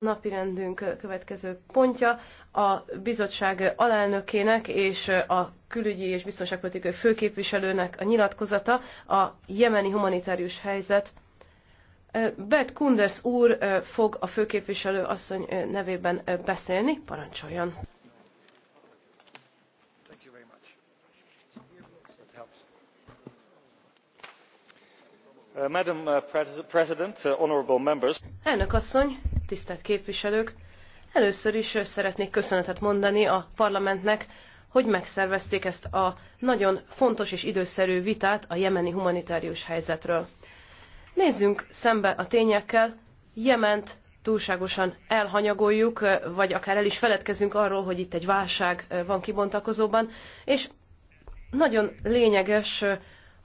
napirendünk következő pontja a bizottság alelnökének és a külügyi és biztonságpolitikai főképviselőnek a nyilatkozata a jemeni humanitárius helyzet. Bert Kunders úr fog a főképviselő asszony nevében beszélni. Parancsoljon! Uh, Madam uh, President, uh, honorable members. Elnök asszony, tisztelt képviselők! Először is szeretnék köszönetet mondani a parlamentnek, hogy megszervezték ezt a nagyon fontos és időszerű vitát a jemeni humanitárius helyzetről. Nézzünk szembe a tényekkel, Jement túlságosan elhanyagoljuk, vagy akár el is feledkezünk arról, hogy itt egy válság van kibontakozóban, és nagyon lényeges,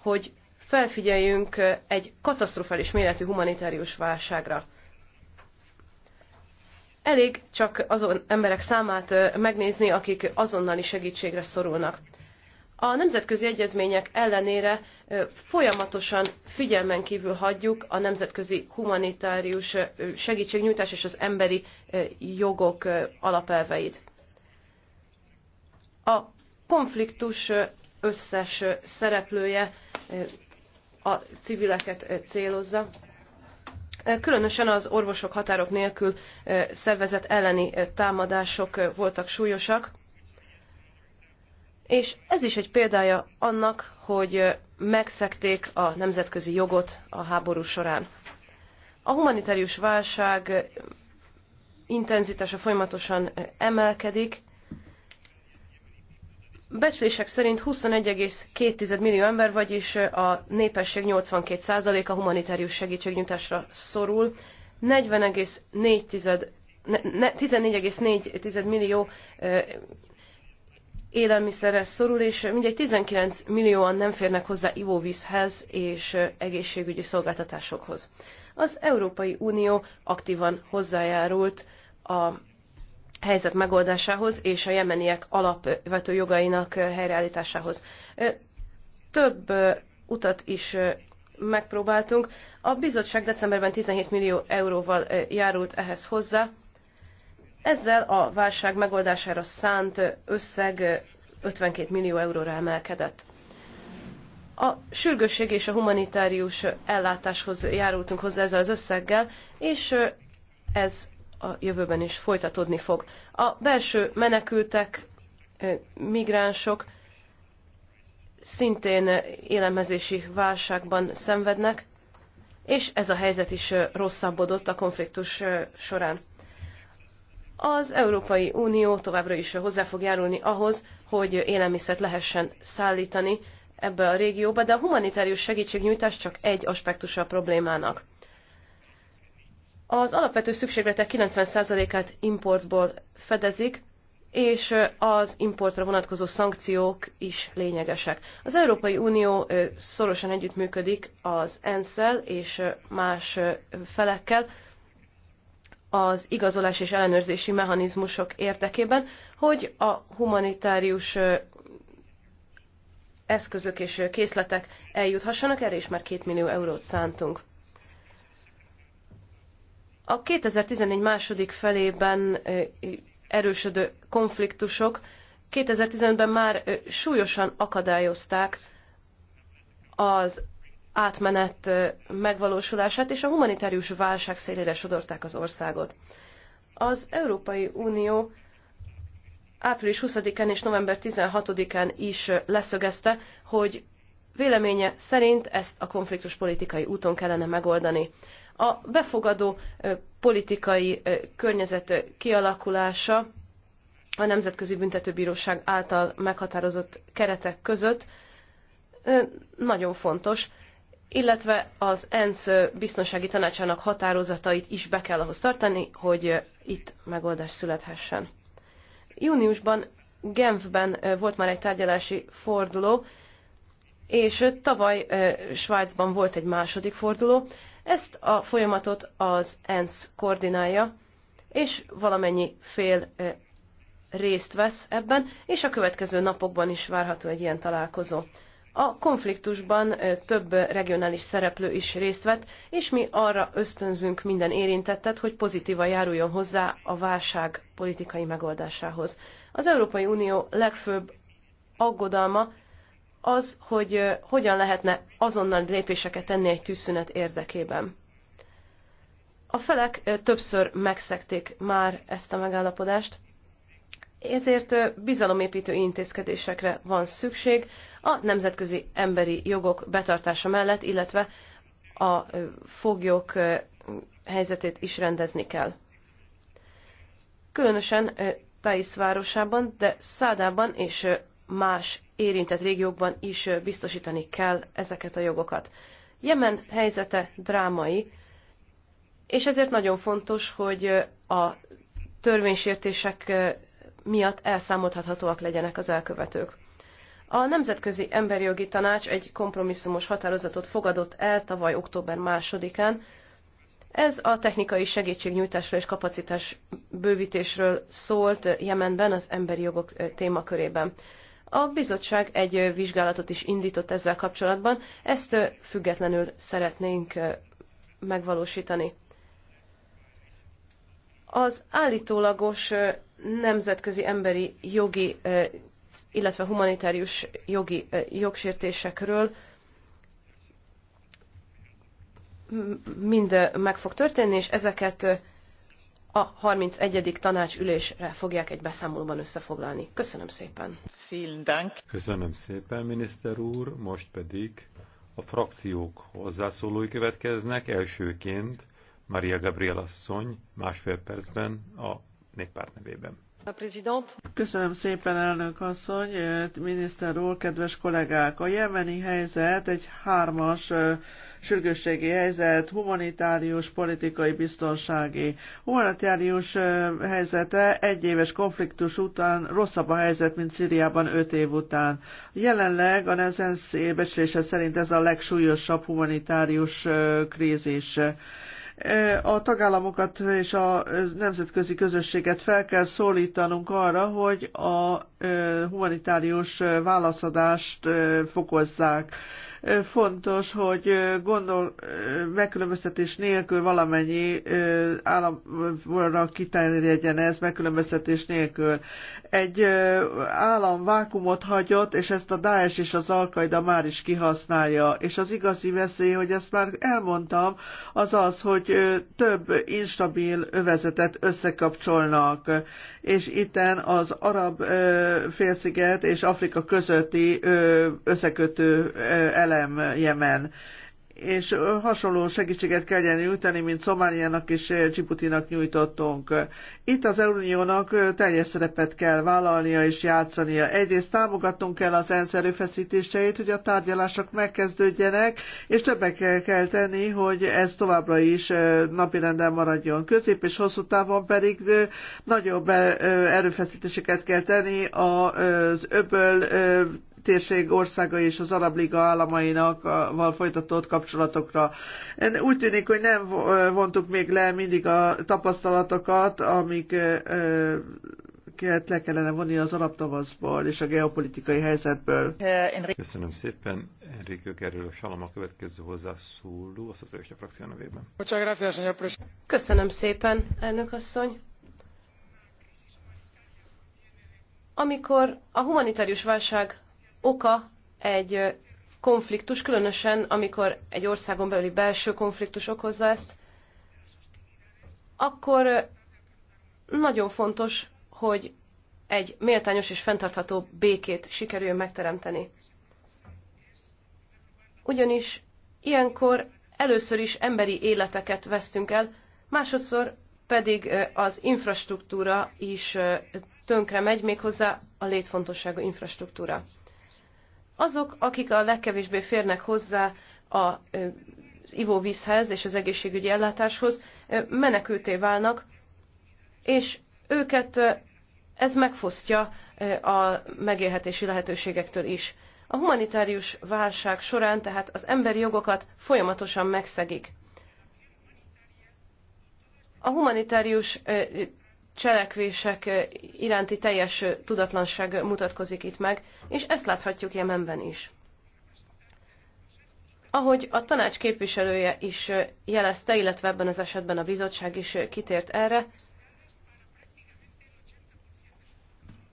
hogy felfigyeljünk egy katasztrofális méretű humanitárius válságra. Elég csak azon emberek számát megnézni, akik azonnali segítségre szorulnak. A nemzetközi egyezmények ellenére folyamatosan figyelmen kívül hagyjuk a nemzetközi humanitárius segítségnyújtás és az emberi jogok alapelveit. A konfliktus összes szereplője a civileket célozza, különösen az orvosok határok nélkül szervezet elleni támadások voltak súlyosak. És ez is egy példája annak, hogy megszekték a nemzetközi jogot a háború során. A humanitárius válság intenzitása folyamatosan emelkedik, Becslések szerint 21,2 millió ember, vagyis a népesség 82%-a humanitárius segítségnyújtásra szorul, 14,4 millió élelmiszerre szorul, és mindegy 19 millióan nem férnek hozzá ivóvízhez és egészségügyi szolgáltatásokhoz. Az Európai Unió aktívan hozzájárult a helyzet megoldásához és a jemeniek alapvető jogainak helyreállításához. Több utat is megpróbáltunk. A bizottság decemberben 17 millió euróval járult ehhez hozzá. Ezzel a válság megoldására szánt összeg 52 millió euróra emelkedett. A sürgősség és a humanitárius ellátáshoz járultunk hozzá ezzel az összeggel, és ez a jövőben is folytatódni fog. A belső menekültek, migránsok szintén élemezési válságban szenvednek, és ez a helyzet is rosszabbodott a konfliktus során. Az Európai Unió továbbra is hozzá fog járulni ahhoz, hogy élelmiszert lehessen szállítani ebbe a régióba, de a humanitárius segítségnyújtás csak egy aspektusa a problémának. Az alapvető szükségletek 90%-át importból fedezik, és az importra vonatkozó szankciók is lényegesek. Az Európai Unió szorosan együttműködik az ensz és más felekkel az igazolás és ellenőrzési mechanizmusok érdekében, hogy a humanitárius eszközök és készletek eljuthassanak, erre is már két millió eurót szántunk. A 2014 második felében erősödő konfliktusok 2015-ben már súlyosan akadályozták az átmenet megvalósulását, és a humanitárius válság szélére sodorták az országot. Az Európai Unió április 20-án és november 16-án is leszögezte, hogy véleménye szerint ezt a konfliktus politikai úton kellene megoldani. A befogadó politikai környezet kialakulása a Nemzetközi Büntetőbíróság által meghatározott keretek között nagyon fontos, illetve az ENSZ biztonsági tanácsának határozatait is be kell ahhoz tartani, hogy itt megoldás születhessen. Júniusban Genfben volt már egy tárgyalási forduló, és tavaly Svájcban volt egy második forduló. Ezt a folyamatot az ENSZ koordinálja, és valamennyi fél részt vesz ebben, és a következő napokban is várható egy ilyen találkozó. A konfliktusban több regionális szereplő is részt vett, és mi arra ösztönzünk minden érintettet, hogy pozitívan járuljon hozzá a válság politikai megoldásához. Az Európai Unió legfőbb aggodalma az, hogy hogyan lehetne azonnal lépéseket tenni egy tűzszünet érdekében. A felek többször megszekték már ezt a megállapodást, ezért bizalomépítő intézkedésekre van szükség a nemzetközi emberi jogok betartása mellett, illetve a foglyok helyzetét is rendezni kell. Különösen Thais városában, de Szádában és más érintett régiókban is biztosítani kell ezeket a jogokat. Jemen helyzete drámai, és ezért nagyon fontos, hogy a törvénysértések miatt elszámoltathatóak legyenek az elkövetők. A Nemzetközi Emberi Jogi Tanács egy kompromisszumos határozatot fogadott el tavaly október 2-án. Ez a technikai segítségnyújtásról és kapacitás bővítésről szólt Jemenben az emberi jogok témakörében. A bizottság egy vizsgálatot is indított ezzel kapcsolatban, ezt függetlenül szeretnénk megvalósítani. Az állítólagos nemzetközi emberi jogi, illetve humanitárius jogi jogsértésekről mind meg fog történni, és ezeket a 31. tanácsülésre fogják egy beszámolóban összefoglalni. Köszönöm szépen. Köszönöm szépen, miniszter úr. Most pedig a frakciók hozzászólói következnek. Elsőként Maria Gabriel asszony másfél percben a néppárt nevében. Köszönöm szépen, elnök asszony, eh, miniszter úr, kedves kollégák! A jemeni helyzet egy hármas eh, sürgősségi helyzet, humanitárius, politikai, biztonsági. Humanitárius helyzete egy éves konfliktus után rosszabb a helyzet, mint Szíriában öt év után. Jelenleg a Nezensz becslése szerint ez a legsúlyosabb humanitárius krízis a tagállamokat és a nemzetközi közösséget fel kell szólítanunk arra, hogy a humanitárius válaszadást fokozzák. Fontos, hogy gondol, megkülönböztetés nélkül valamennyi államra kiterjedjen ez megkülönböztetés nélkül. Egy állam vákumot hagyott, és ezt a Daesh és az Alkaida már is kihasználja. És az igazi veszély, hogy ezt már elmondtam, az az, hogy több instabil övezetet összekapcsolnak. És itten az arab félsziget és Afrika közötti összekötő elem elem Jemen és hasonló segítséget kelljen nyújtani, mint Szomáliának és Csiputinak nyújtottunk. Itt az Uniónak teljes szerepet kell vállalnia és játszania. Egyrészt támogatnunk kell az ENSZ erőfeszítéseit, hogy a tárgyalások megkezdődjenek, és többek kell tenni, hogy ez továbbra is napirenden maradjon. Közép és hosszú távon pedig nagyobb erőfeszítéseket kell tenni az öböl térség országa és az Arab Liga államainak val folytatott kapcsolatokra. Úgy tűnik, hogy nem vontuk még le mindig a tapasztalatokat, amik le kellene vonni az arab tavaszból és a geopolitikai helyzetből. Köszönöm szépen. Enrique Gerülő Salam a következő hozzászóló a szocialista frakció nevében. Köszönöm szépen, elnök asszony. Amikor a humanitárius válság oka egy konfliktus, különösen amikor egy országon belüli belső konfliktus okozza ezt, akkor nagyon fontos, hogy egy méltányos és fenntartható békét sikerül megteremteni. Ugyanis ilyenkor először is emberi életeket vesztünk el, másodszor pedig az infrastruktúra is tönkre megy, méghozzá a létfontosságú infrastruktúra azok, akik a legkevésbé férnek hozzá a, az ivóvízhez és az egészségügyi ellátáshoz, menekülté válnak, és őket ez megfosztja a megélhetési lehetőségektől is. A humanitárius válság során tehát az emberi jogokat folyamatosan megszegik. A humanitárius cselekvések iránti teljes tudatlanság mutatkozik itt meg, és ezt láthatjuk Jemenben is. Ahogy a tanács képviselője is jelezte, illetve ebben az esetben a bizottság is kitért erre,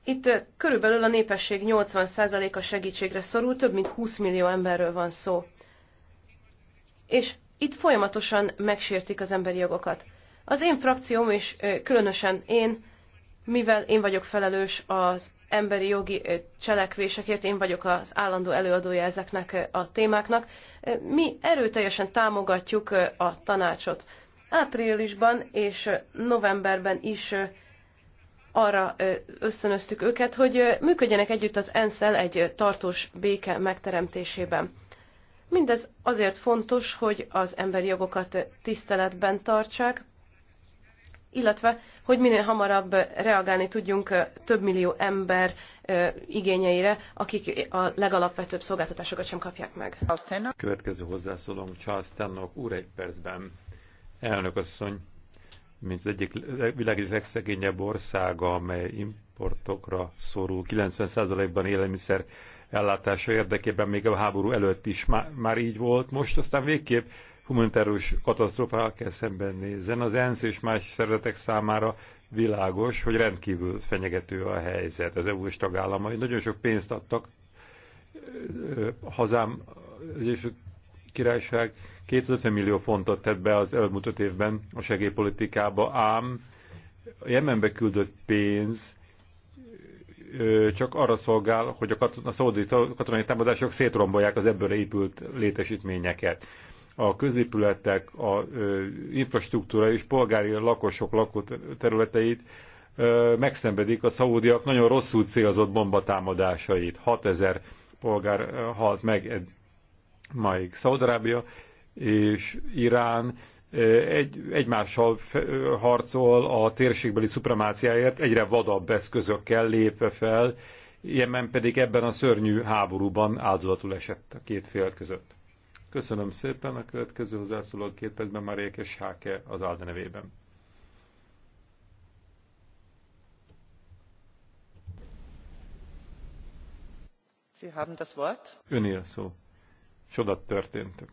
itt körülbelül a népesség 80%-a segítségre szorul, több mint 20 millió emberről van szó. És itt folyamatosan megsértik az emberi jogokat. Az én frakcióm is, különösen én, mivel én vagyok felelős az emberi jogi cselekvésekért, én vagyok az állandó előadója ezeknek a témáknak, mi erőteljesen támogatjuk a tanácsot. Áprilisban és novemberben is arra összönöztük őket, hogy működjenek együtt az ensz egy tartós béke megteremtésében. Mindez azért fontos, hogy az emberi jogokat tiszteletben tartsák, illetve hogy minél hamarabb reagálni tudjunk több millió ember igényeire, akik a legalapvetőbb szolgáltatásokat sem kapják meg. Következő hozzászólom Charles Tannock úr egy percben. Elnök asszony, mint az egyik világ egyik legszegényebb országa, amely importokra szorul, 90%-ban élelmiszer ellátása érdekében még a háború előtt is már így volt, most aztán végképp humanitárius katasztrofákkal szemben nézzen, az ENSZ és más szervezetek számára világos, hogy rendkívül fenyegető a helyzet. Az EU-s tagállamai nagyon sok pénzt adtak hazám, az Egyesült Királyság 250 millió fontot tett be az elmúlt öt évben a segélypolitikába, ám a Jemenbe küldött pénz csak arra szolgál, hogy a, katon, a szaudi katonai támadások szétrombolják az ebből épült létesítményeket a középületek, a ö, infrastruktúra és polgári lakosok lakóterületeit megszenvedik a szaúdiak nagyon rosszul célzott bombatámadásait. 6000 polgár halt meg maig Szaudarábia és Irán egy, egymással harcol a térségbeli szupremáciáért, egyre vadabb eszközökkel lépve fel, Jemen pedig ebben a szörnyű háborúban áldozatul esett a két fél között. Köszönöm szépen. A következő hozzászóló a két percben már Ékes Háke az Alde nevében. Sie haben das Wort. Öné a szó. Sodat történt.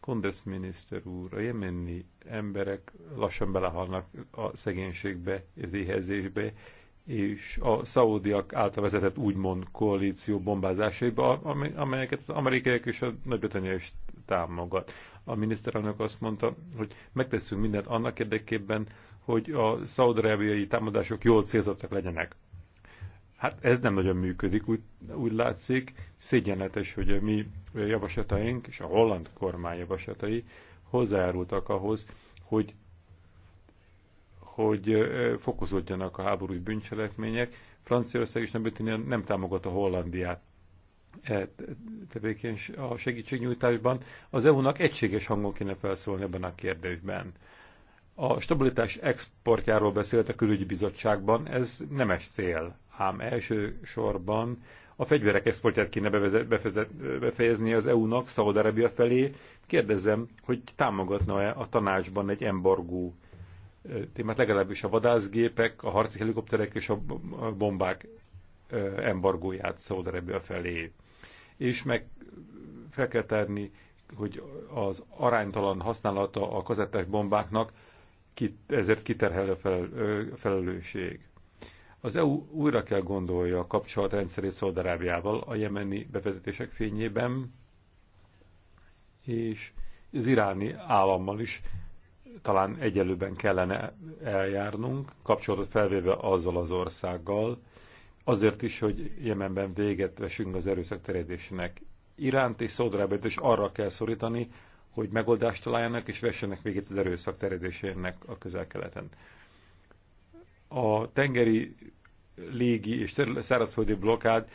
Kondes miniszter úr, a jemenni emberek lassan belehalnak a szegénységbe, az éhezésbe, és a szaúdiak által vezetett úgymond koalíció bombázásaiba, amelyeket az amerikaiak és a nagy is támogat. A miniszterelnök azt mondta, hogy megteszünk mindent annak érdekében, hogy a szaudarábiai támadások jól célzottak legyenek. Hát ez nem nagyon működik, úgy, úgy látszik. Szégyenletes, hogy a mi javaslataink és a holland kormány javaslatai hozzájárultak ahhoz, hogy hogy fokozódjanak a háborús bűncselekmények. Franciaország is nem, támogat támogatta Hollandiát e tevékeny a segítségnyújtásban. Az EU-nak egységes hangon kéne felszólni ebben a kérdésben. A stabilitás exportjáról beszélt a külügyi bizottságban, ez nemes cél, ám elsősorban a fegyverek exportját kéne bevezet, befezet, befejezni az EU-nak Szaudarabia felé. Kérdezem, hogy támogatna-e a tanácsban egy embargó témát, legalábbis a vadászgépek, a harci helikopterek és a bombák embargóját Szaudarábia felé. És meg fel kell tárni, hogy az aránytalan használata a kazettás bombáknak ezért kiterhelő felelősség. Az EU újra kell gondolja a kapcsolatrendszerét Szaudarábiával a jemeni bevezetések fényében, és az iráni állammal is talán egyelőben kellene eljárnunk, kapcsolatot felvéve azzal az országgal, azért is, hogy Jemenben véget vessünk az erőszak terjedésének. Iránt és Szódrábet is arra kell szorítani, hogy megoldást találjanak és vessenek véget az erőszak terjedésének a közel-keleten. A tengeri, légi és szárazföldi blokád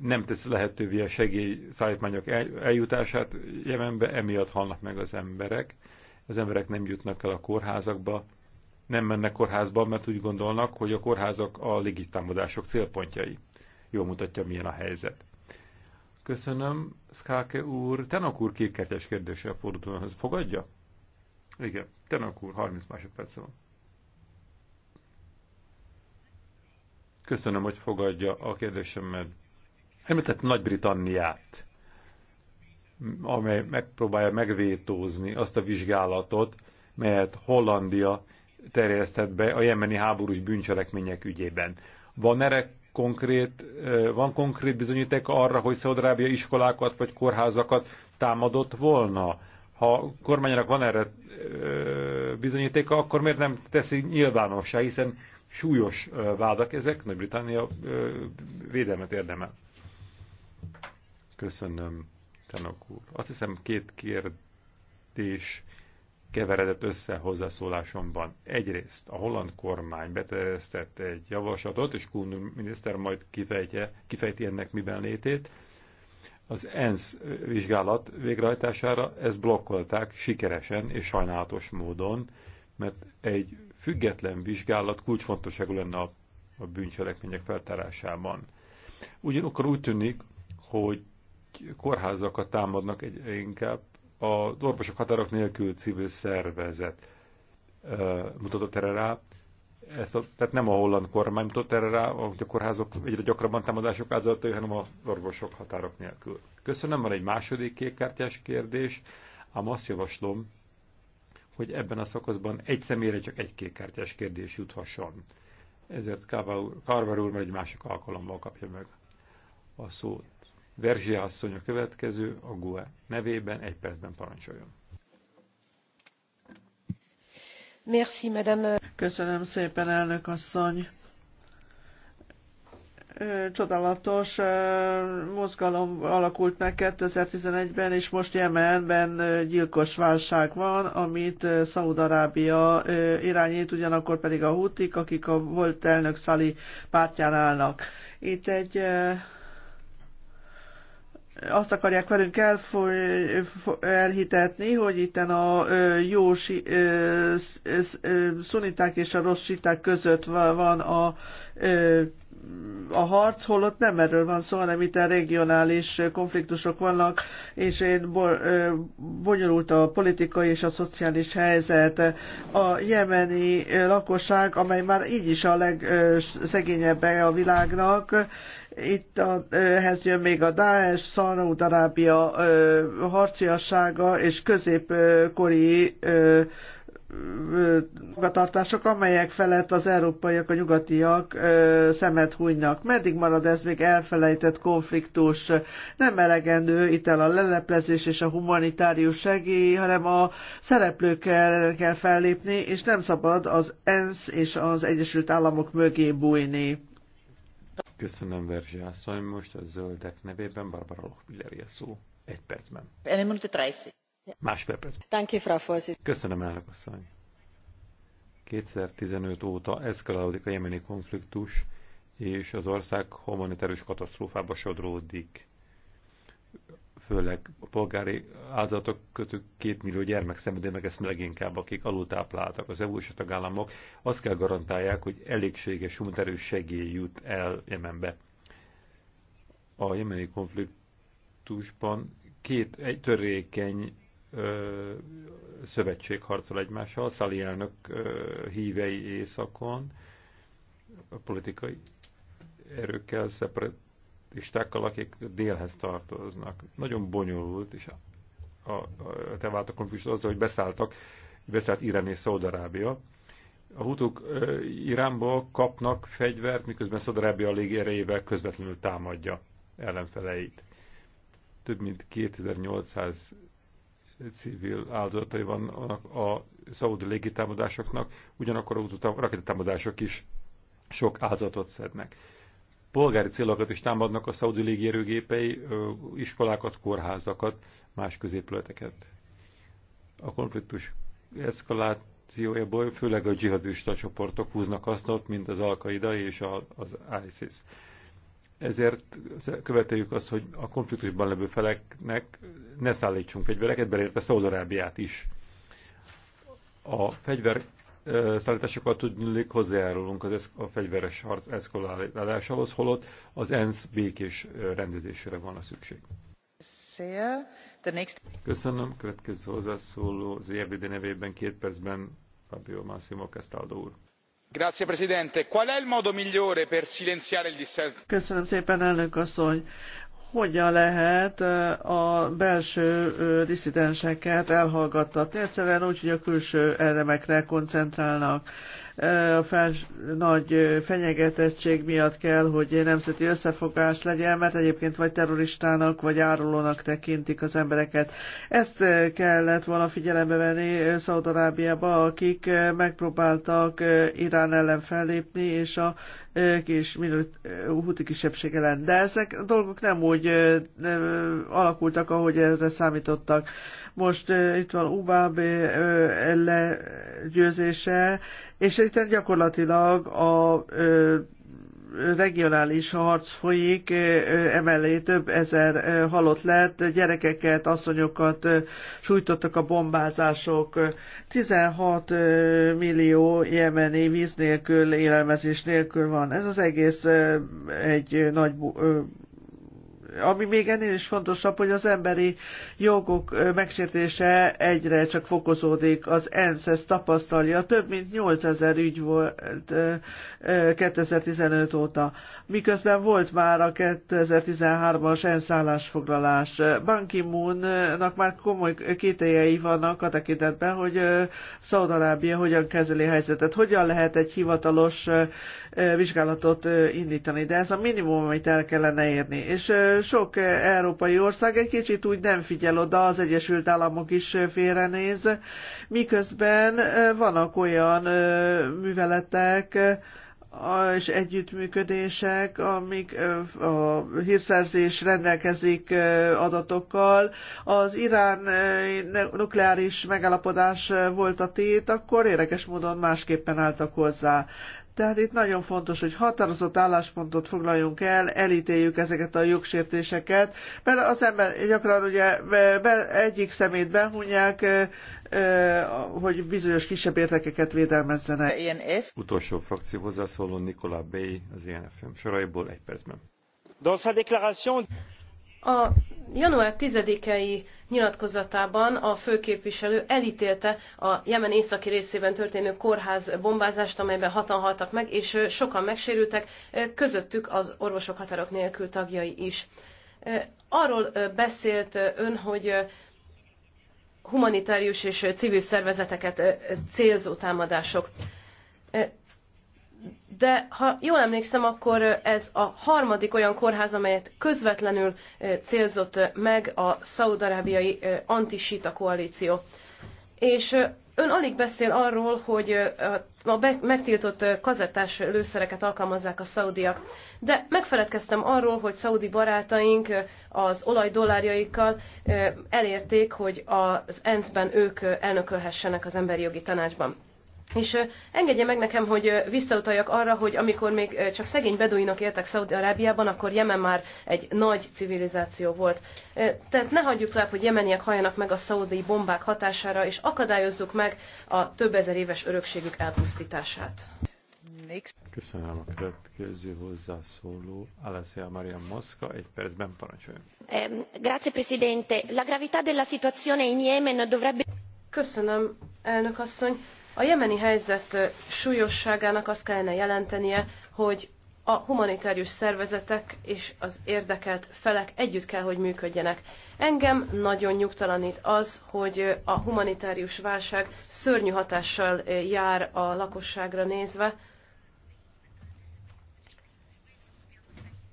nem tesz lehetővé a segélyszállítmányok eljutását Jemenbe, emiatt halnak meg az emberek az emberek nem jutnak el a kórházakba, nem mennek kórházba, mert úgy gondolnak, hogy a kórházak a légitámadások célpontjai. Jól mutatja, milyen a helyzet. Köszönöm, Szkáke úr. Tenok úr kérdése a fordulóhoz fogadja? Igen, Tenok úr, 30 másodperc van. Köszönöm, hogy fogadja a kérdésemet. Említett Nagy-Britanniát amely megpróbálja megvétózni azt a vizsgálatot, melyet Hollandia terjesztett be a jemeni háborús bűncselekmények ügyében. Van erre konkrét, van konkrét bizonyíték arra, hogy Szaudrábia iskolákat vagy kórházakat támadott volna? Ha a kormánynak van erre bizonyítéka, akkor miért nem teszi nyilvánossá, hiszen súlyos vádak ezek, Nagy-Britannia védelmet érdemel. Köszönöm. Tanok úr. Azt hiszem két kérdés keveredett össze hozzászólásomban. Egyrészt a holland kormány beterjesztett egy javaslatot, és Kuhn miniszter majd kifejtje, kifejti ennek miben létét. Az ENSZ vizsgálat végrehajtására ezt blokkolták sikeresen és sajnálatos módon, mert egy független vizsgálat kulcsfontosságú lenne a, a bűncselekmények feltárásában. Ugyanakkor úgy tűnik, hogy kórházakat támadnak egy, inkább a orvosok határok nélkül civil szervezet mutatott erre rá. Ezt a, tehát nem a holland kormány mutatott erre rá, hogy a kórházok egyre gyakrabban támadások áldozata, hanem a orvosok határok nélkül. Köszönöm, van egy második kékkártyás kérdés, ám azt javaslom, hogy ebben a szakaszban egy személyre csak egy kékkártyás kérdés juthasson. Ezért Carver úr, Carver úr egy másik alkalommal kapja meg a szót. Verzsia asszony a következő, a GUE nevében egy percben parancsoljon. Merci, madame. Köszönöm szépen, elnök asszony csodálatos mozgalom alakult meg 2011-ben, és most Jemenben gyilkos válság van, amit Szaúd-Arábia irányít, ugyanakkor pedig a hútik, akik a volt elnök Szali pártján állnak. Itt egy azt akarják velünk elfoly, elhitetni, hogy itten a jó szuniták és a rossz siták között van a a harc, holott nem erről van szó, hanem itt a regionális konfliktusok vannak, és én bonyolult a politikai és a szociális helyzet. A jemeni lakosság, amely már így is a legszegényebb a világnak, itt a, ehhez jön még a Daesh, Szarnaud-Arábia harciassága és középkori magatartások, amelyek felett az európaiak, a nyugatiak ö, szemet hunynak. Meddig marad ez még elfelejtett konfliktus? Nem elegendő itt el a leleplezés és a humanitárius segély, hanem a szereplőkkel kell fellépni, és nem szabad az ENSZ és az Egyesült Államok mögé bújni. Köszönöm, Verzsi asszony. Most a zöldek nevében Barbara Lochbilleri a szó. Egy percben. Egy minuta 30. Másfél perc. Köszönöm, elnök asszony. 2015 óta eszkalálódik a jemeni konfliktus, és az ország humanitárius katasztrófába sodródik. Főleg a polgári áldozatok közül két millió gyermek szenvedél meg ezt leginkább, akik alultápláltak. Az EU és a tagállamok azt kell garantálják, hogy elégséges humanitárius segély jut el Jemenbe. A jemeni konfliktusban két egy törékeny szövetség harcol egymással, Szali elnök hívei éjszakon, a politikai erőkkel, szeparatistákkal, akik délhez tartoznak. Nagyon bonyolult, és a, a, a te a konfliktus azzal, hogy beszálltak, beszállt Irán és Szaudarábia. A hutuk Iránból kapnak fegyvert, miközben Szaudarábia a légierejével közvetlenül támadja ellenfeleit. Több mint 2800 civil áldozatai vannak a szaudi légitámadásoknak, ugyanakkor a rakétatámadások is sok áldozatot szednek. Polgári célokat is támadnak a szaudi légierőgépei, iskolákat, kórházakat, más középületeket. A konfliktus eszkalációjából főleg a dzsihadista csoportok húznak hasznot, mint az al és az ISIS ezért követeljük azt, hogy a konfliktusban levő feleknek ne szállítsunk fegyvereket, beleértve Szaudarábiát is. A fegyver szállításokat tudnilik hozzájárulunk az a fegyveres harc eszkolálásához, holott az ENSZ békés rendezésére van a szükség. Köszönöm. Következő hozzászóló az EFD nevében két percben Fabio Massimo Castaldo úr signor presidente qual è il modo migliore per silenziare il dissenso? hogyan lehet a belső disszidenseket elhallgattatni? egyszerűen úgy hogy a külső elemekre koncentrálnak a fels, nagy fenyegetettség miatt kell, hogy nemzeti összefogás legyen, mert egyébként vagy terroristának, vagy árulónak tekintik az embereket. Ezt kellett volna figyelembe venni Szaudarábiába, akik megpróbáltak Irán ellen fellépni, és a kis minőt, húti kisebbség ellen. De ezek a dolgok nem úgy alakultak, ahogy erre számítottak most uh, itt van UBAB uh, legyőzése, és itt gyakorlatilag a uh, regionális harc folyik, emellé több ezer halott lett, gyerekeket, asszonyokat sújtottak a bombázások. 16 millió jemeni víz nélkül, élelmezés nélkül van. Ez az egész egy nagy ami még ennél is fontosabb, hogy az emberi jogok megsértése egyre csak fokozódik. Az ENSZ ezt tapasztalja, több mint 8000 ügy volt 2015 óta, miközben volt már a 2013-as ENSZ állásfoglalás. Ban ki már komoly kételjei vannak a tekintetben, hogy Szaudarábia hogyan kezeli helyzetet, hogyan lehet egy hivatalos vizsgálatot indítani, de ez a minimum, amit el kellene érni. És sok európai ország egy kicsit úgy nem figyel oda, az Egyesült Államok is félrenéz, miközben vannak olyan műveletek, és együttműködések, amik a hírszerzés rendelkezik adatokkal. Az irán nukleáris megállapodás volt a tét, akkor érdekes módon másképpen álltak hozzá. Tehát itt nagyon fontos, hogy határozott álláspontot foglaljunk el, elítéljük ezeket a jogsértéseket, mert az ember gyakran ugye be, egyik szemét behunják, hogy bizonyos kisebb értekeket védelmezzenek. INF. E Utolsó frakció hozzászóló Nikolá Bay, az INF-em e soraiból egy percben. Dans sa déclaration a január 10-i nyilatkozatában a főképviselő elítélte a Jemen északi részében történő kórház bombázást, amelyben hatan haltak meg, és sokan megsérültek, közöttük az orvosok határok nélkül tagjai is. Arról beszélt ön, hogy humanitárius és civil szervezeteket célzó támadások de ha jól emlékszem, akkor ez a harmadik olyan kórház, amelyet közvetlenül célzott meg a szaudarábiai antisita koalíció. És ön alig beszél arról, hogy a megtiltott kazettás lőszereket alkalmazzák a szaudiak, de megfeledkeztem arról, hogy szaudi barátaink az olaj dollárjaikkal elérték, hogy az ENSZ-ben ők elnökölhessenek az emberi jogi tanácsban. És engedje meg nekem, hogy visszautaljak arra, hogy amikor még csak szegény beduinok éltek Szaudi-Arábiában, akkor Jemen már egy nagy civilizáció volt. Tehát ne hagyjuk tovább, hogy jemeniek hajanak meg a szaudi bombák hatására, és akadályozzuk meg a több ezer éves örökségük elpusztítását. Köszönöm a következő hozzászóló. Alessia Maria Mosca, egy percben parancsoljon. Grazie, Presidente. La gravità della situazione in Yemen dovrebbe... Köszönöm, elnök asszony a jemeni helyzet súlyosságának azt kellene jelentenie, hogy a humanitárius szervezetek és az érdekelt felek együtt kell, hogy működjenek. Engem nagyon nyugtalanít az, hogy a humanitárius válság szörnyű hatással jár a lakosságra nézve,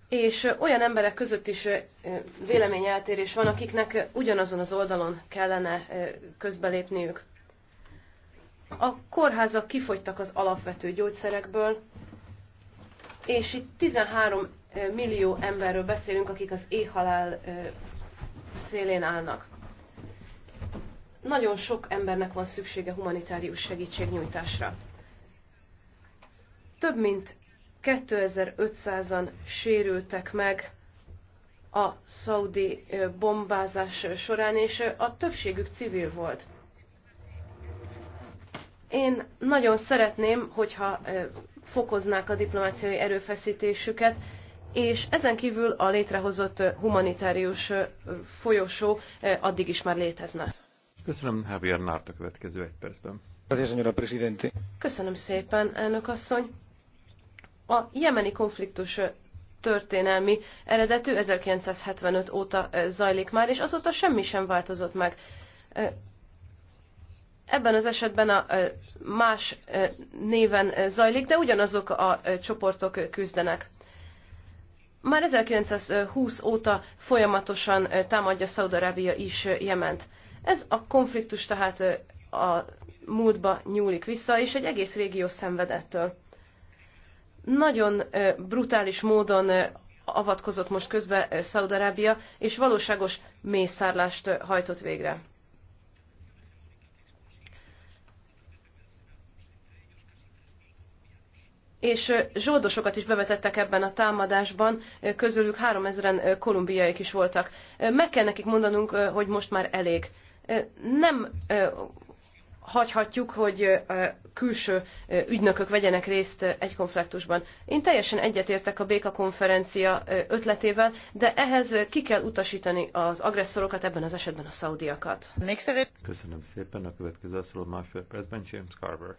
és olyan emberek között is véleményeltérés van, akiknek ugyanazon az oldalon kellene közbelépniük a kórházak kifogytak az alapvető gyógyszerekből, és itt 13 millió emberről beszélünk, akik az éhhalál szélén állnak. Nagyon sok embernek van szüksége humanitárius segítségnyújtásra. Több mint 2500-an sérültek meg a szaudi bombázás során, és a többségük civil volt. Én nagyon szeretném, hogyha fokoznák a diplomáciai erőfeszítésüket, és ezen kívül a létrehozott humanitárius folyosó addig is már létezne. Köszönöm, Javier Nárt a következő egy percben. Köszönöm szépen, elnök asszony. A jemeni konfliktus történelmi eredetű 1975 óta zajlik már, és azóta semmi sem változott meg. Ebben az esetben a más néven zajlik, de ugyanazok a csoportok küzdenek. Már 1920 óta folyamatosan támadja Szaudarábia is Jement. Ez a konfliktus tehát a múltba nyúlik vissza, és egy egész régió szenvedettől. Nagyon brutális módon avatkozott most közbe Szaudarábia, és valóságos mészárlást hajtott végre. és zsoldosokat is bevetettek ebben a támadásban, közülük 3000-en kolumbiaiak is voltak. Meg kell nekik mondanunk, hogy most már elég. Nem hagyhatjuk, hogy külső ügynökök vegyenek részt egy konfliktusban. Én teljesen egyetértek a békakonferencia ötletével, de ehhez ki kell utasítani az agresszorokat, ebben az esetben a szaudiakat. Köszönöm szépen, a következő szóló másfél percben James Carver.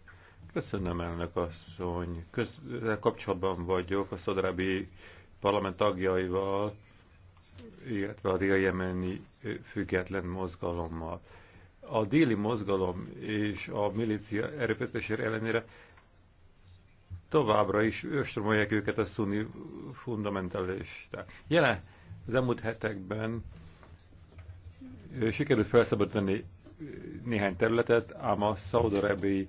Köszönöm, elnök asszony. Közben kapcsolatban vagyok a szodrábi parlament tagjaival, illetve a dél-jemeni független mozgalommal. A déli mozgalom és a milícia erőfeszítésére ellenére továbbra is őstromolják őket a szunni fundamentalisták. Jelen az elmúlt hetekben sikerült felszabadítani néhány területet, ám a szaudarabi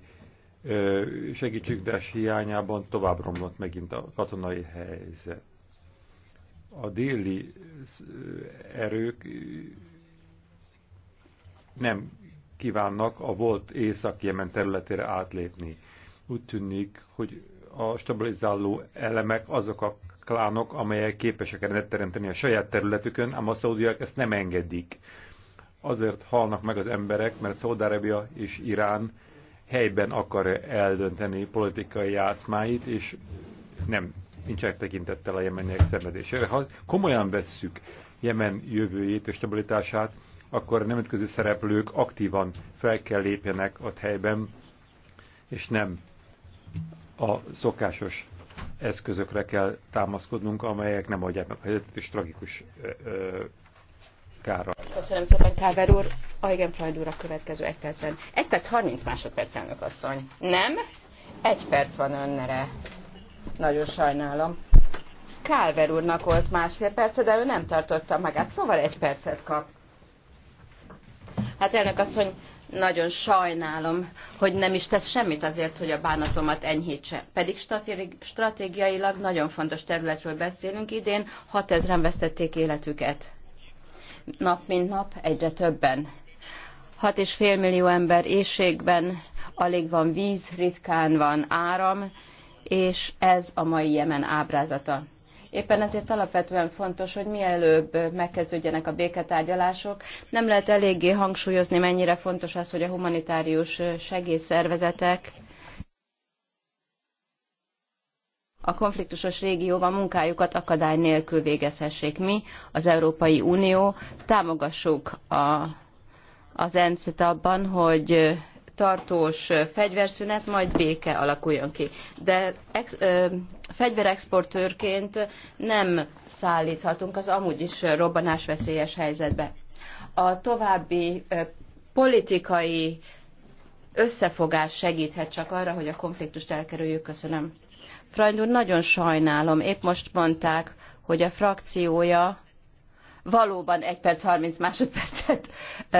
segítségdás hiányában tovább romlott megint a katonai helyzet. A déli erők nem kívánnak a volt Észak-Jemen területére átlépni. Úgy tűnik, hogy a stabilizáló elemek azok a klánok, amelyek képesek rendet teremteni a saját területükön, ám a szaudiak ezt nem engedik. Azért halnak meg az emberek, mert Szaudarabia és Irán helyben akar eldönteni politikai játszmáit, és nem nincsenek tekintettel a jemeniek szenvedésére. Ha komolyan vesszük Jemen jövőjét és stabilitását, akkor a nemzetközi szereplők aktívan fel kell lépjenek ott helyben, és nem a szokásos eszközökre kell támaszkodnunk, amelyek nem adják meg a helyzetet, és tragikus ö, ö, kára. Köszönöm szépen, Káver úr. Aigen Freud úr a következő egy percen, Egy perc, 30 másodperc, elnök asszony. Nem? Egy perc van önnere. Nagyon sajnálom. Kálver úrnak volt másfél perce, de ő nem tartotta magát, szóval egy percet kap. Hát elnök asszony, nagyon sajnálom, hogy nem is tesz semmit azért, hogy a bánatomat enyhítse. Pedig stratégiailag nagyon fontos területről beszélünk idén, 6000-en vesztették életüket. Nap mint nap egyre többen Hat fél millió ember éjségben, alig van víz, ritkán van áram, és ez a mai Jemen ábrázata. Éppen ezért alapvetően fontos, hogy mielőbb megkezdődjenek a béketárgyalások. Nem lehet eléggé hangsúlyozni, mennyire fontos az, hogy a humanitárius segélyszervezetek a konfliktusos régióban munkájukat akadály nélkül végezhessék. Mi, az Európai Unió, támogassuk a az ensz abban, hogy tartós fegyverszünet, majd béke alakuljon ki. De ex, ö, fegyverexportőrként nem szállíthatunk az amúgy is robbanásveszélyes helyzetbe. A további ö, politikai összefogás segíthet csak arra, hogy a konfliktust elkerüljük. Köszönöm. Freund úr, nagyon sajnálom, épp most mondták, hogy a frakciója valóban egy perc harminc másodpercet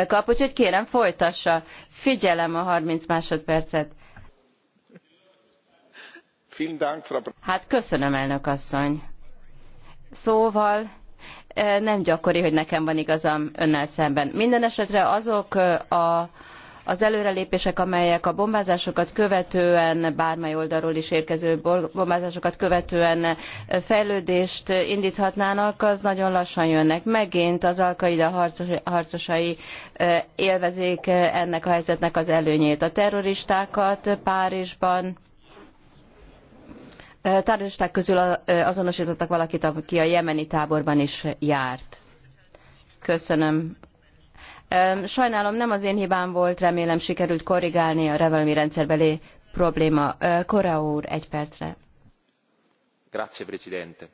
kap, úgyhogy kérem folytassa. Figyelem a harminc másodpercet. Hát köszönöm, elnök asszony. Szóval nem gyakori, hogy nekem van igazam önnel szemben. Minden esetre azok a az előrelépések, amelyek a bombázásokat követően, bármely oldalról is érkező bombázásokat követően fejlődést indíthatnának, az nagyon lassan jönnek. Megint az Al-Qaida harcosai élvezik ennek a helyzetnek az előnyét. A terroristákat Párizsban terroristák közül azonosítottak valakit, aki a jemeni táborban is járt. Köszönöm Sajnálom, nem az én hibám volt, remélem sikerült korrigálni a revelmi rendszerbeli probléma. Kora úr, egy percre. Grazie, Presidente.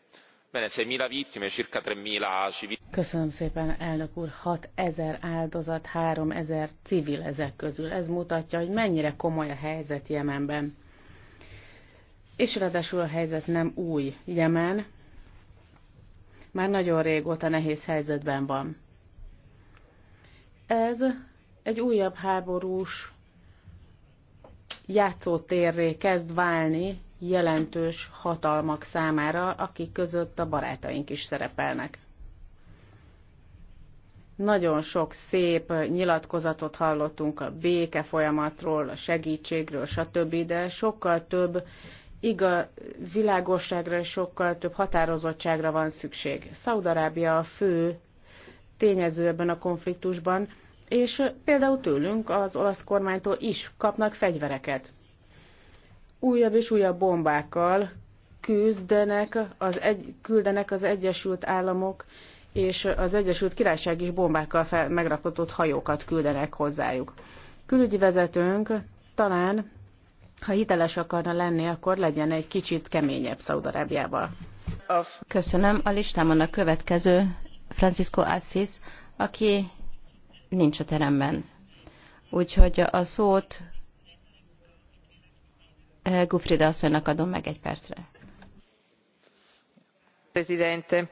Bene, 6.000 vittime, circa 3.000 civil. Köszönöm szépen, elnök úr. 6000 áldozat, 3000 civil ezek közül. Ez mutatja, hogy mennyire komoly a helyzet Jemenben. És ráadásul a helyzet nem új. Jemen már nagyon régóta nehéz helyzetben van. Ez egy újabb háborús játszótérré kezd válni jelentős hatalmak számára, akik között a barátaink is szerepelnek. Nagyon sok szép nyilatkozatot hallottunk a béke folyamatról, a segítségről, stb., de sokkal több iga világosságra és sokkal több határozottságra van szükség. Szaudarábia a fő tényező ebben a konfliktusban, és például tőlünk az olasz kormánytól is kapnak fegyvereket. Újabb és újabb bombákkal küzdenek az egy, küldenek az Egyesült Államok, és az Egyesült Királyság is bombákkal fel, megrakotott hajókat küldenek hozzájuk. Külügyi vezetőnk talán, ha hiteles akarna lenni, akkor legyen egy kicsit keményebb Szaudarábiával. Köszönöm. A listámon a következő Francisco Assis, aki nincs a teremben. Úgyhogy a szót eh, Gufrida asszonynak adom meg egy percre. Presidente.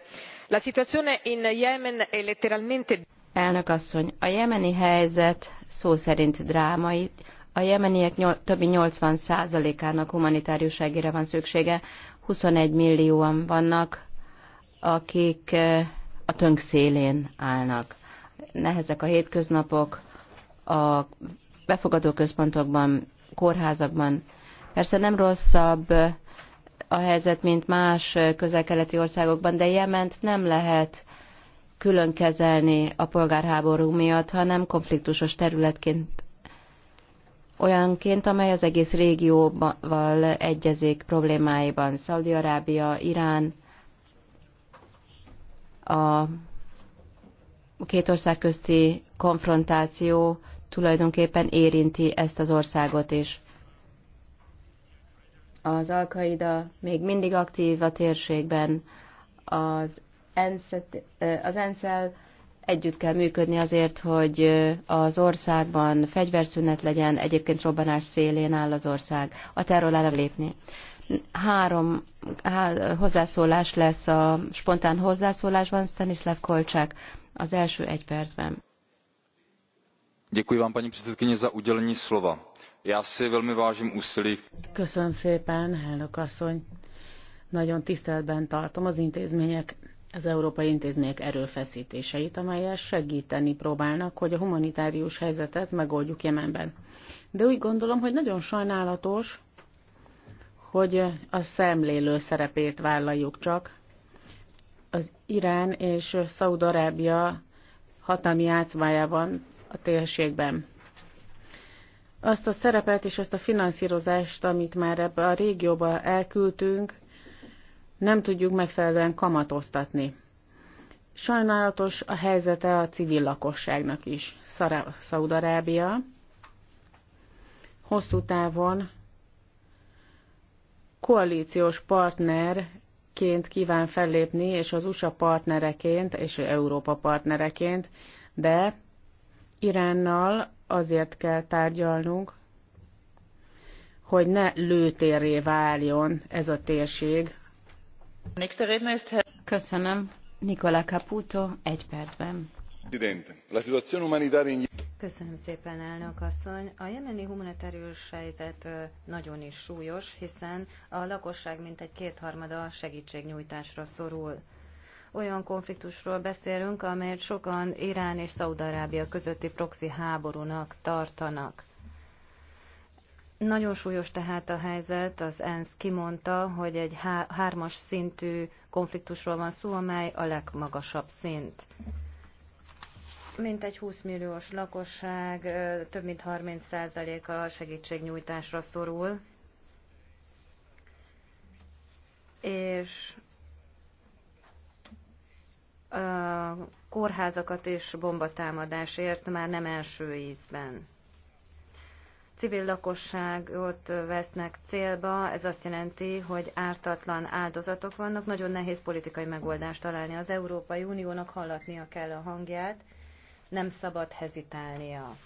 La situazione in Yemen è letteralmente... Elnök asszony, a jemeni helyzet szó szerint drámai. A jemeniek nyol, többi 80%-ának humanitárius segére van szüksége. 21 millióan vannak, akik eh, a tönk szélén állnak. Nehezek a hétköznapok, a befogadó központokban, kórházakban. Persze nem rosszabb a helyzet, mint más közel-keleti országokban, de Jement nem lehet külön kezelni a polgárháború miatt, hanem konfliktusos területként olyanként, amely az egész régióval egyezik problémáiban. Szaudi-Arábia, Irán, a két ország közti konfrontáció tulajdonképpen érinti ezt az országot is. Az Al-Qaida még mindig aktív a térségben, az ensz az ENSZ-el együtt kell működni azért, hogy az országban fegyverszünet legyen, egyébként robbanás szélén áll az ország. A terror lépni. Három hozzászólás lesz a spontán hozzászólásban. Stanislav Kolcsák az első egy percben. Děkuji vám, paní předsedkyně, za udělení slova. Já si velmi vážím úsilí. Köszönöm szépen, elnök asszony. Nagyon tiszteletben tartom az intézmények az európai intézmények erőfeszítéseit, amelyel segíteni próbálnak, hogy a humanitárius helyzetet megoldjuk Jemenben. De úgy gondolom, hogy nagyon sajnálatos, hogy a szemlélő szerepét vállaljuk csak. Az Irán és Szaúd-Arábia hatalmi van a térségben. Azt a szerepet és azt a finanszírozást, amit már ebbe a régióba elküldtünk, nem tudjuk megfelelően kamatoztatni. Sajnálatos a helyzete a civil lakosságnak is. Szaúd-Arábia hosszú távon koalíciós partnerként kíván fellépni, és az USA partnereként, és Európa partnereként, de Iránnal azért kell tárgyalnunk, hogy ne lőtérré váljon ez a térség. Köszönöm. Nikola Caputo, egy percben. Köszönöm szépen, elnök asszony. A jemeni humanitárius helyzet nagyon is súlyos, hiszen a lakosság mintegy kétharmada segítségnyújtásra szorul. Olyan konfliktusról beszélünk, amelyet sokan Irán és Szaudarábia közötti proxy háborúnak tartanak. Nagyon súlyos tehát a helyzet, az ENSZ kimondta, hogy egy há hármas szintű konfliktusról van szó, amely a legmagasabb szint. Mintegy 20 milliós lakosság, több mint 30%-a segítségnyújtásra szorul, és a kórházakat és bombatámadásért már nem első ízben. Civil lakosságot vesznek célba, ez azt jelenti, hogy ártatlan áldozatok vannak, nagyon nehéz politikai megoldást találni. Az Európai Uniónak hallatnia kell a hangját, nem szabad hezitálnia.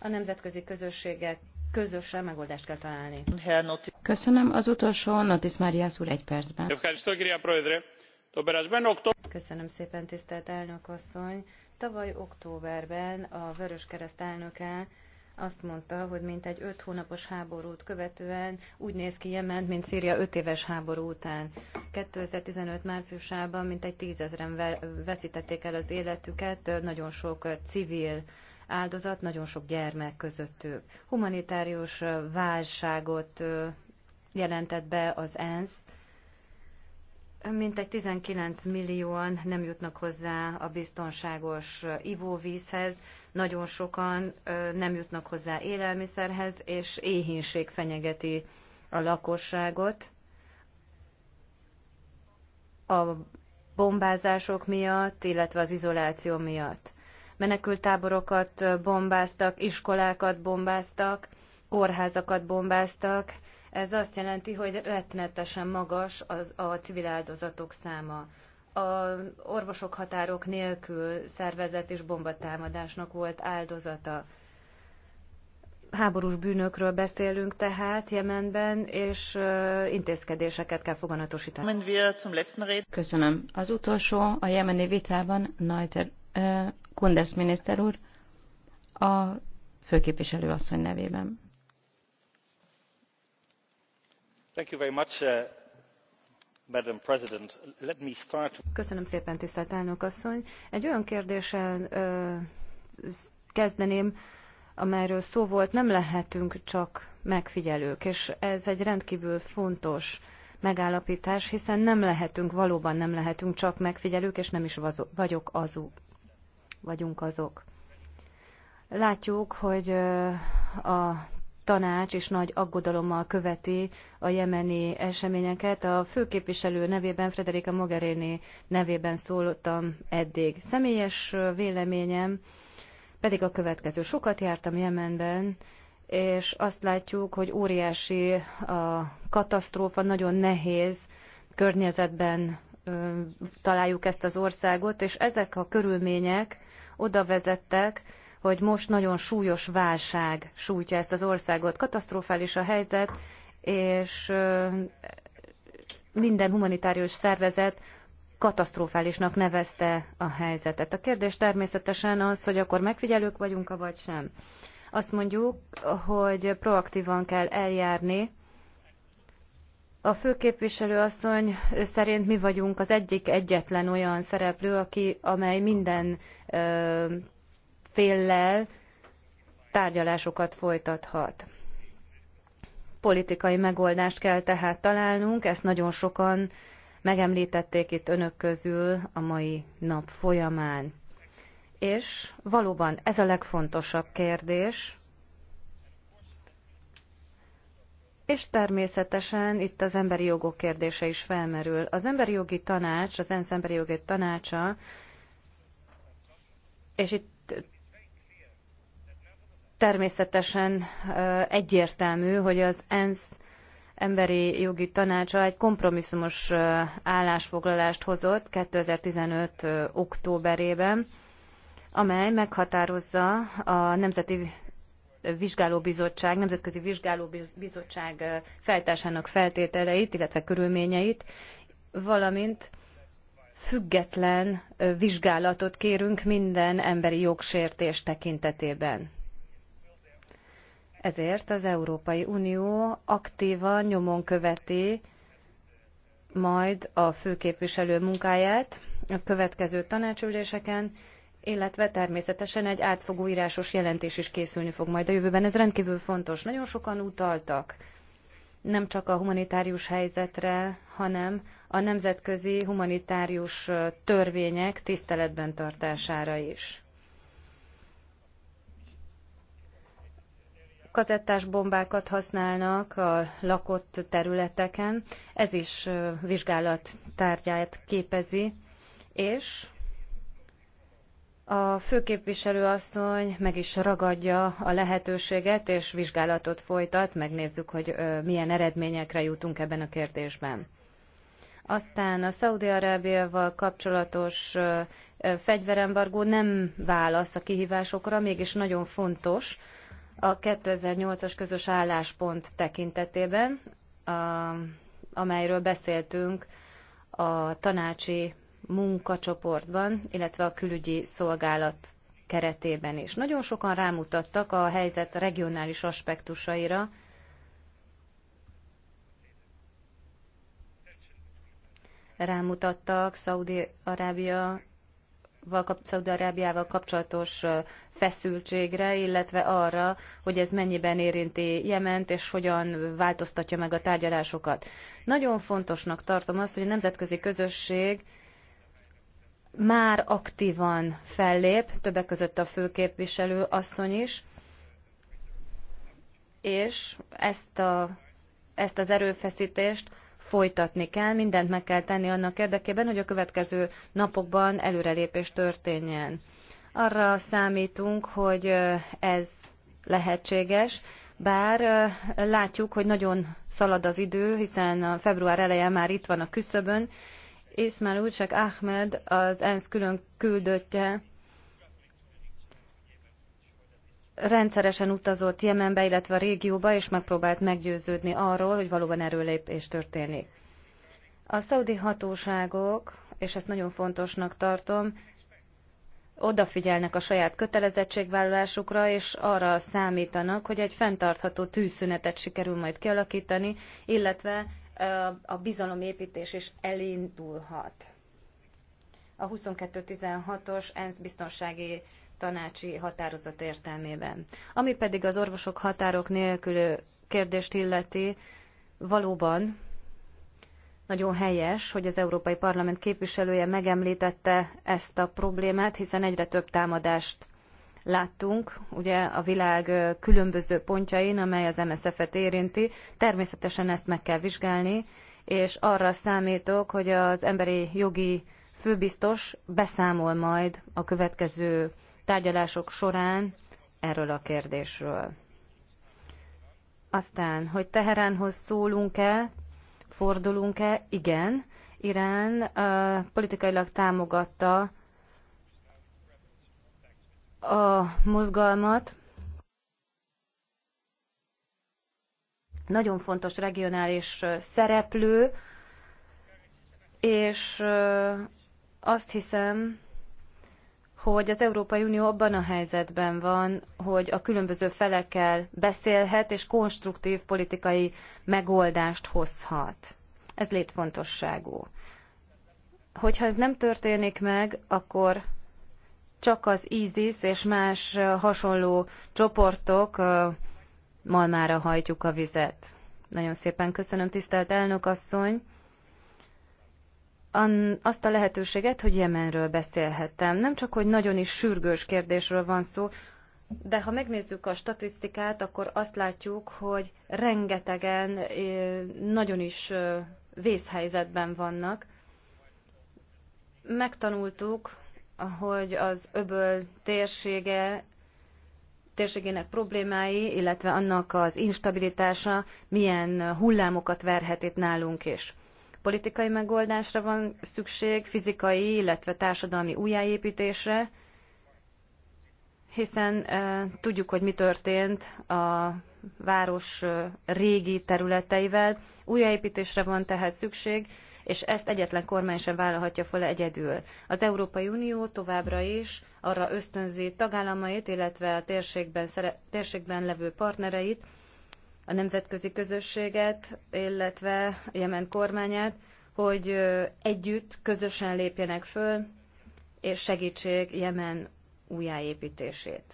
A nemzetközi közösségek közösen megoldást kell találni. Köszönöm az utolsó, Notis Marias úr egy percben. Köszönöm szépen, tisztelt elnök asszony. Tavaly októberben a Kereszt elnöke azt mondta, hogy mint egy öt hónapos háborút követően úgy néz ki Jemen, mint Szíria öt éves háború után. 2015 márciusában mintegy tízezren veszítették el az életüket, nagyon sok civil áldozat, nagyon sok gyermek közöttük. Humanitárius válságot jelentett be az ENSZ, mintegy 19 millióan nem jutnak hozzá a biztonságos ivóvízhez, nagyon sokan nem jutnak hozzá élelmiszerhez, és éhínség fenyegeti a lakosságot. A bombázások miatt, illetve az izoláció miatt. Menekültáborokat bombáztak, iskolákat bombáztak, kórházakat bombáztak. Ez azt jelenti, hogy rettenetesen magas az, a civil áldozatok száma a orvosok határok nélkül szervezett és bombatámadásnak volt áldozata. Háborús bűnökről beszélünk tehát Jemenben, és intézkedéseket kell foganatosítani. Köszönöm. Az utolsó a jemeni vitában Najter uh, Kunders miniszter úr a főképviselő asszony nevében. Thank you very much, uh... Köszönöm szépen, tisztelt elnök asszony. Egy olyan kérdéssel kezdeném, amelyről szó volt, nem lehetünk csak megfigyelők, és ez egy rendkívül fontos megállapítás, hiszen nem lehetünk, valóban nem lehetünk csak megfigyelők, és nem is vagyok azok, vagyunk azok. Látjuk, hogy a tanács és nagy aggodalommal követi a jemeni eseményeket. A főképviselő nevében, Frederika Mogherini nevében szóltam eddig. Személyes véleményem pedig a következő. Sokat jártam Jemenben, és azt látjuk, hogy óriási a katasztrófa, nagyon nehéz környezetben találjuk ezt az országot, és ezek a körülmények oda vezettek, hogy most nagyon súlyos válság sújtja ezt az országot. Katasztrofális a helyzet, és minden humanitárius szervezet katasztrofálisnak nevezte a helyzetet. A kérdés természetesen az, hogy akkor megfigyelők vagyunk-e vagy sem. Azt mondjuk, hogy proaktívan kell eljárni. A főképviselő asszony szerint mi vagyunk az egyik egyetlen olyan szereplő, aki, amely minden ö, féllel tárgyalásokat folytathat. Politikai megoldást kell tehát találnunk, ezt nagyon sokan megemlítették itt önök közül a mai nap folyamán. És valóban ez a legfontosabb kérdés, És természetesen itt az emberi jogok kérdése is felmerül. Az emberi jogi tanács, az ENSZ emberi jogi tanácsa, és itt Természetesen egyértelmű, hogy az ENSZ emberi jogi tanácsa egy kompromisszumos állásfoglalást hozott 2015. októberében, amely meghatározza a Nemzeti Vizsgálóbizottság, Nemzetközi Vizsgálóbizottság feltásának feltételeit, illetve körülményeit, valamint független vizsgálatot kérünk minden emberi jogsértés tekintetében. Ezért az Európai Unió aktívan nyomon követi majd a főképviselő munkáját a következő tanácsüléseken, illetve természetesen egy átfogó írásos jelentés is készülni fog majd a jövőben. Ez rendkívül fontos. Nagyon sokan utaltak nem csak a humanitárius helyzetre, hanem a nemzetközi humanitárius törvények tiszteletben tartására is. kazettás bombákat használnak a lakott területeken. Ez is vizsgálat tárgyát képezi, és a főképviselő asszony meg is ragadja a lehetőséget, és vizsgálatot folytat, megnézzük, hogy milyen eredményekre jutunk ebben a kérdésben. Aztán a Szaudi-Arábiával kapcsolatos fegyverembargó nem válasz a kihívásokra, mégis nagyon fontos, a 2008-as közös álláspont tekintetében, a, amelyről beszéltünk a tanácsi munkacsoportban, illetve a külügyi szolgálat keretében is. Nagyon sokan rámutattak a helyzet regionális aspektusaira, rámutattak Szaudi-Arábia Szaudi-Arábiával kapcsolatos feszültségre, illetve arra, hogy ez mennyiben érinti Jement, és hogyan változtatja meg a tárgyalásokat. Nagyon fontosnak tartom azt, hogy a nemzetközi közösség már aktívan fellép, többek között a főképviselő asszony is, és ezt, a, ezt az erőfeszítést folytatni kell, mindent meg kell tenni annak érdekében, hogy a következő napokban előrelépés történjen. Arra számítunk, hogy ez lehetséges, bár látjuk, hogy nagyon szalad az idő, hiszen a február elején már itt van a küszöbön. Ismail csak Ahmed, az ENSZ külön küldöttje, rendszeresen utazott Jemenbe, illetve a régióba, és megpróbált meggyőződni arról, hogy valóban erőlépés történik. A szaudi hatóságok, és ezt nagyon fontosnak tartom, odafigyelnek a saját kötelezettségvállalásukra, és arra számítanak, hogy egy fenntartható tűzszünetet sikerül majd kialakítani, illetve a bizalomépítés is elindulhat. A 2216-os ENSZ biztonsági tanácsi határozat értelmében. Ami pedig az orvosok határok nélkül kérdést illeti, valóban nagyon helyes, hogy az Európai Parlament képviselője megemlítette ezt a problémát, hiszen egyre több támadást láttunk ugye a világ különböző pontjain, amely az MSZF-et érinti. Természetesen ezt meg kell vizsgálni, és arra számítok, hogy az emberi jogi főbiztos beszámol majd a következő tárgyalások során erről a kérdésről. Aztán, hogy Teheránhoz szólunk-e, fordulunk-e? Igen. Irán uh, politikailag támogatta a mozgalmat. Nagyon fontos regionális szereplő, és uh, azt hiszem, hogy az Európai Unió abban a helyzetben van, hogy a különböző felekkel beszélhet és konstruktív politikai megoldást hozhat. Ez létfontosságú. Hogyha ez nem történik meg, akkor csak az ISIS és más hasonló csoportok malmára hajtjuk a vizet. Nagyon szépen köszönöm, tisztelt elnök asszony! azt a lehetőséget, hogy Jemenről beszélhettem. Nem csak, hogy nagyon is sürgős kérdésről van szó, de ha megnézzük a statisztikát, akkor azt látjuk, hogy rengetegen nagyon is vészhelyzetben vannak. Megtanultuk, hogy az öböl térsége, térségének problémái, illetve annak az instabilitása milyen hullámokat verhet itt nálunk is. Politikai megoldásra van szükség, fizikai, illetve társadalmi újjáépítésre, hiszen e, tudjuk, hogy mi történt a város régi területeivel. Újjáépítésre van tehát szükség, és ezt egyetlen kormány sem vállalhatja fel egyedül. Az Európai Unió továbbra is arra ösztönzi tagállamait, illetve a térségben, térségben levő partnereit, a nemzetközi közösséget, illetve Jemen kormányát, hogy együtt, közösen lépjenek föl, és segítsék Jemen újjáépítését.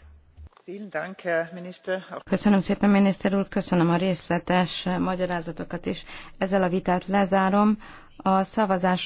Köszönöm szépen, miniszter úr, köszönöm a részletes magyarázatokat is. Ezzel a vitát lezárom. A szavazásra